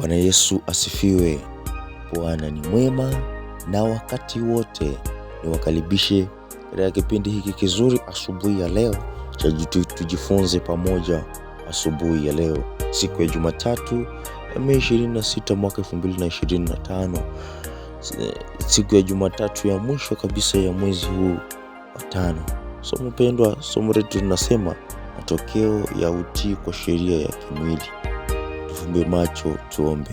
Bwana Yesu asifiwe. Bwana ni mwema na wakati wote. Niwakaribishe katika kipindi hiki kizuri asubuhi ya leo cha tujifunze pamoja. Asubuhi ya leo siku ya Jumatatu ya Mei 26 mwaka 2025, siku ya Jumatatu ya mwisho kabisa ya mwezi huu wa tano. Somo pendwa, somo letu linasema matokeo ya utii kwa sheria ya kimwili tufumbe macho tuombe.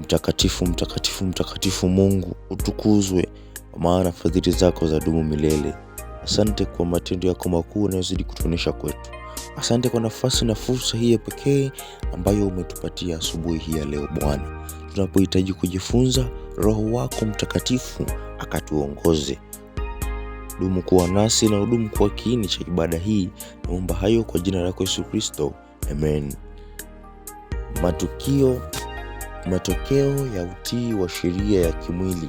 Mtakatifu, mtakatifu, mtakatifu Mungu, utukuzwe, kwa maana fadhili zako za dumu milele. Asante kwa matendo yako makuu unayozidi kutuonyesha kwetu. Asante kwa nafasi na fursa hii ya pekee ambayo umetupatia asubuhi hii ya leo Bwana, tunapohitaji kujifunza, Roho wako Mtakatifu akatuongoze. Dumu kuwa nasi na udumu kuwa kiini cha ibada hii. Naomba hayo kwa jina lako Yesu Kristo, amen. Matukio, matokeo ya utii wa sheria ya kimwili.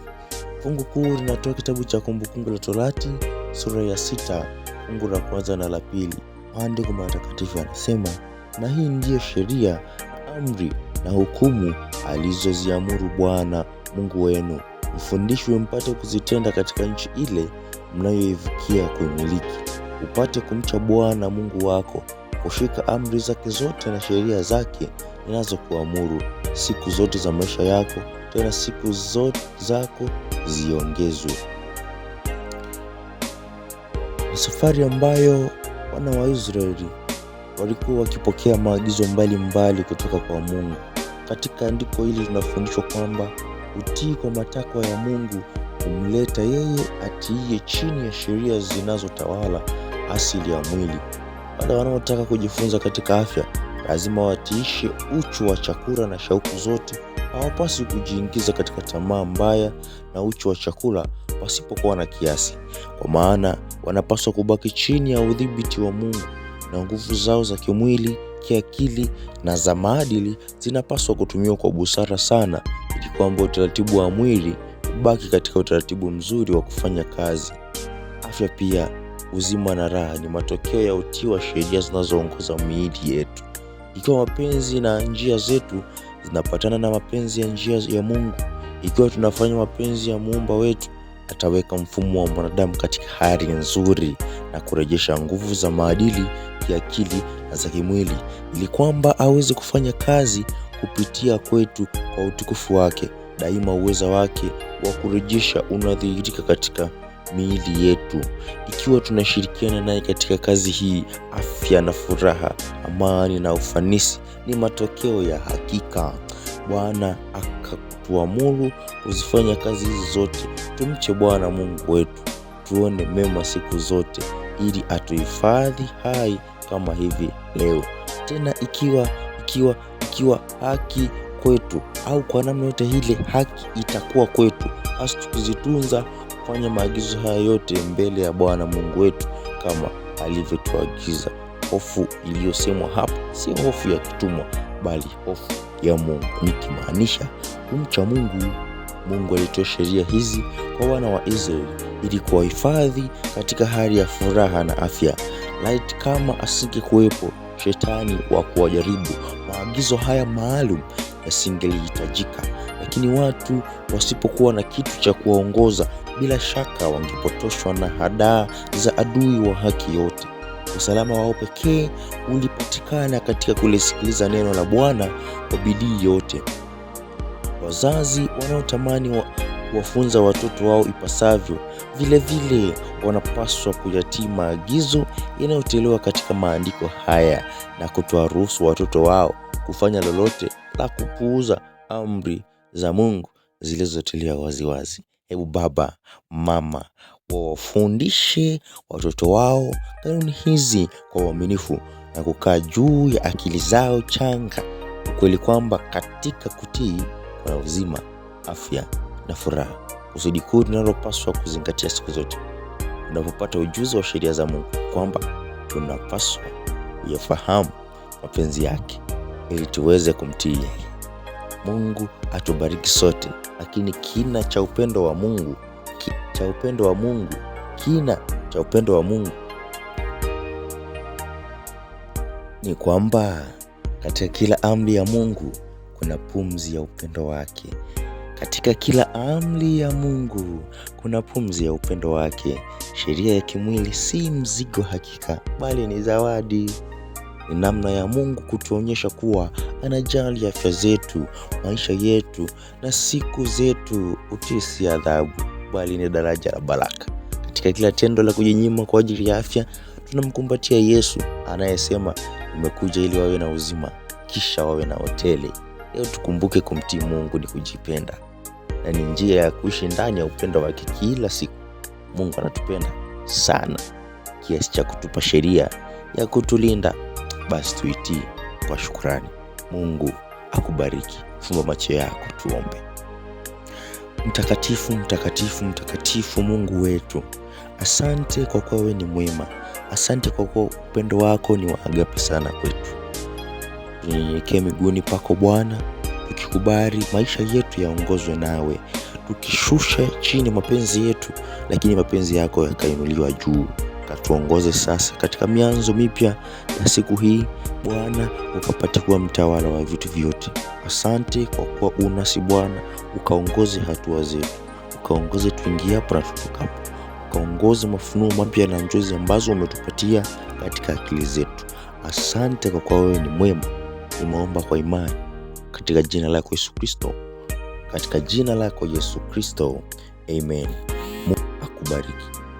Fungu kuu linatoa kitabu cha Kumbukumbu la Torati sura ya sita fungu la kwanza na la pili. Maandiko matakatifu yanasema, na hii ndiyo sheria, amri na hukumu alizoziamuru Bwana Mungu wenu, mfundishwe mpate kuzitenda katika nchi ile mnayoivukia kuimiliki, upate kumcha Bwana Mungu wako, kushika amri zake zote na sheria zake ninazokuamuru siku zote za maisha yako, tena siku zote zako ziongezwe. Ni safari ambayo wana wa Israeli walikuwa wakipokea maagizo mbalimbali kutoka kwa Mungu. Katika andiko hili tunafundishwa kwamba utii kwa matakwa ya Mungu humleta yeye atiiye chini ya sheria zinazotawala asili ya mwili. Wale wanaotaka kujifunza katika afya lazima watiishe uchu wa chakula na shauku zote. Hawapaswi kujiingiza katika tamaa mbaya na uchu wa chakula pasipokuwa na kiasi, kwa maana wanapaswa kubaki chini ya udhibiti wa Mungu, na nguvu zao za kimwili, kiakili na za maadili zinapaswa kutumiwa kwa busara sana, ili kwamba utaratibu wa mwili ubaki katika utaratibu mzuri wa kufanya kazi. Afya pia, uzima na raha ni matokeo ya utii wa sheria zinazoongoza miili yetu. Ikiwa mapenzi na njia zetu zinapatana na mapenzi ya njia ya Mungu, ikiwa tunafanya mapenzi ya muumba wetu, ataweka mfumo wa mwanadamu katika hali nzuri na kurejesha nguvu za maadili, kiakili na za kimwili, ili kwamba aweze kufanya kazi kupitia kwetu kwa utukufu wake. Daima uweza wake wa kurejesha unadhihirika katika miili yetu. Ikiwa tunashirikiana naye katika kazi hii, afya na furaha, amani na ufanisi ni matokeo ya hakika. Bwana akatuamuru kuzifanya kazi hizi zote. Tumche Bwana Mungu wetu, tuone mema siku zote, ili atuhifadhi hai kama hivi leo tena. Ikiwa ikiwa ikiwa haki kwetu au kwa namna yote ile, haki itakuwa kwetu, basi tukizitunza kufanya maagizo haya yote mbele ya Bwana Mungu wetu kama alivyotuagiza. Hofu iliyosemwa hapa si hofu ya kitumwa, bali hofu ya Mungu, nikimaanisha kumcha Mungu. Mungu alitoa sheria hizi kwa wana wa Israeli ili kuwahifadhi katika hali ya furaha na afya. Laiti kama asingekuwepo shetani wa kuwajaribu, maagizo haya maalum yasingelihitajika lakini watu wasipokuwa na kitu cha kuwaongoza, bila shaka wangepotoshwa na hadaa za adui wa haki yote. Usalama wao pekee ulipatikana katika kulisikiliza neno la Bwana kwa bidii yote. Wazazi wanaotamani wa kuwafunza watoto wao ipasavyo, vilevile wanapaswa kuyatii maagizo yanayotolewa katika maandiko haya na kutoa ruhusu watoto wao kufanya lolote la kupuuza amri za Mungu zilizotulia waziwazi. Hebu baba, mama wawafundishe watoto wao kanuni hizi kwa uaminifu na kukaa juu ya akili zao changa, ukweli kwamba katika kutii kuna uzima, afya na furaha. Kusudi kuu tunalopaswa kuzingatia siku zote unapopata ujuzi wa sheria za Mungu kwamba tunapaswa kuyafahamu mapenzi yake ili tuweze kumtii yeye. Mungu atubariki sote, lakini kina cha upendo wa Mungu, kina cha upendo wa Mungu, kina cha upendo wa Mungu ni kwamba katika kila amri ya Mungu kuna pumzi ya upendo wake. Katika kila amri ya Mungu kuna pumzi ya upendo wake. Sheria ya kimwili si mzigo hakika, bali ni zawadi ni namna ya Mungu kutuonyesha kuwa anajali afya zetu, maisha yetu na siku zetu. utisi si adhabu, bali ni daraja la baraka. Katika kila tendo la kujinyima kwa ajili ya afya, tunamkumbatia Yesu anayesema, umekuja ili wawe na uzima kisha wawe na hoteli. Leo tukumbuke kumtii Mungu ni kujipenda na ni njia ya kuishi ndani ya upendo wake kila siku. Mungu anatupenda sana kiasi cha kutupa sheria ya kutulinda basi tuitii kwa shukrani. Mungu akubariki. Fumba macho yako, tuombe. Mtakatifu, mtakatifu, mtakatifu Mungu wetu, asante kwa kuwa wewe ni mwema, asante kwa kuwa upendo wako ni wa agape sana kwetu. Tunyenyekee miguuni pako Bwana, tukikubali maisha yetu yaongozwe nawe, tukishusha chini mapenzi yetu, lakini mapenzi yako yakainuliwa juu na tuongoze sasa katika mianzo mipya ya siku hii. Bwana, ukapate kuwa mtawala wa vitu vyote. Asante kwa kuwa unasi Bwana, ukaongoze hatua zetu, ukaongoze tuingie hapo na tutokapo, ukaongoze mafunuo mapya na njozi ambazo umetupatia katika akili zetu. Asante kwa kuwa wewe ni mwema. Nimeomba kwa imani katika jina lako Yesu Kristo, katika jina lako Yesu Kristo, amen. Mungu akubariki.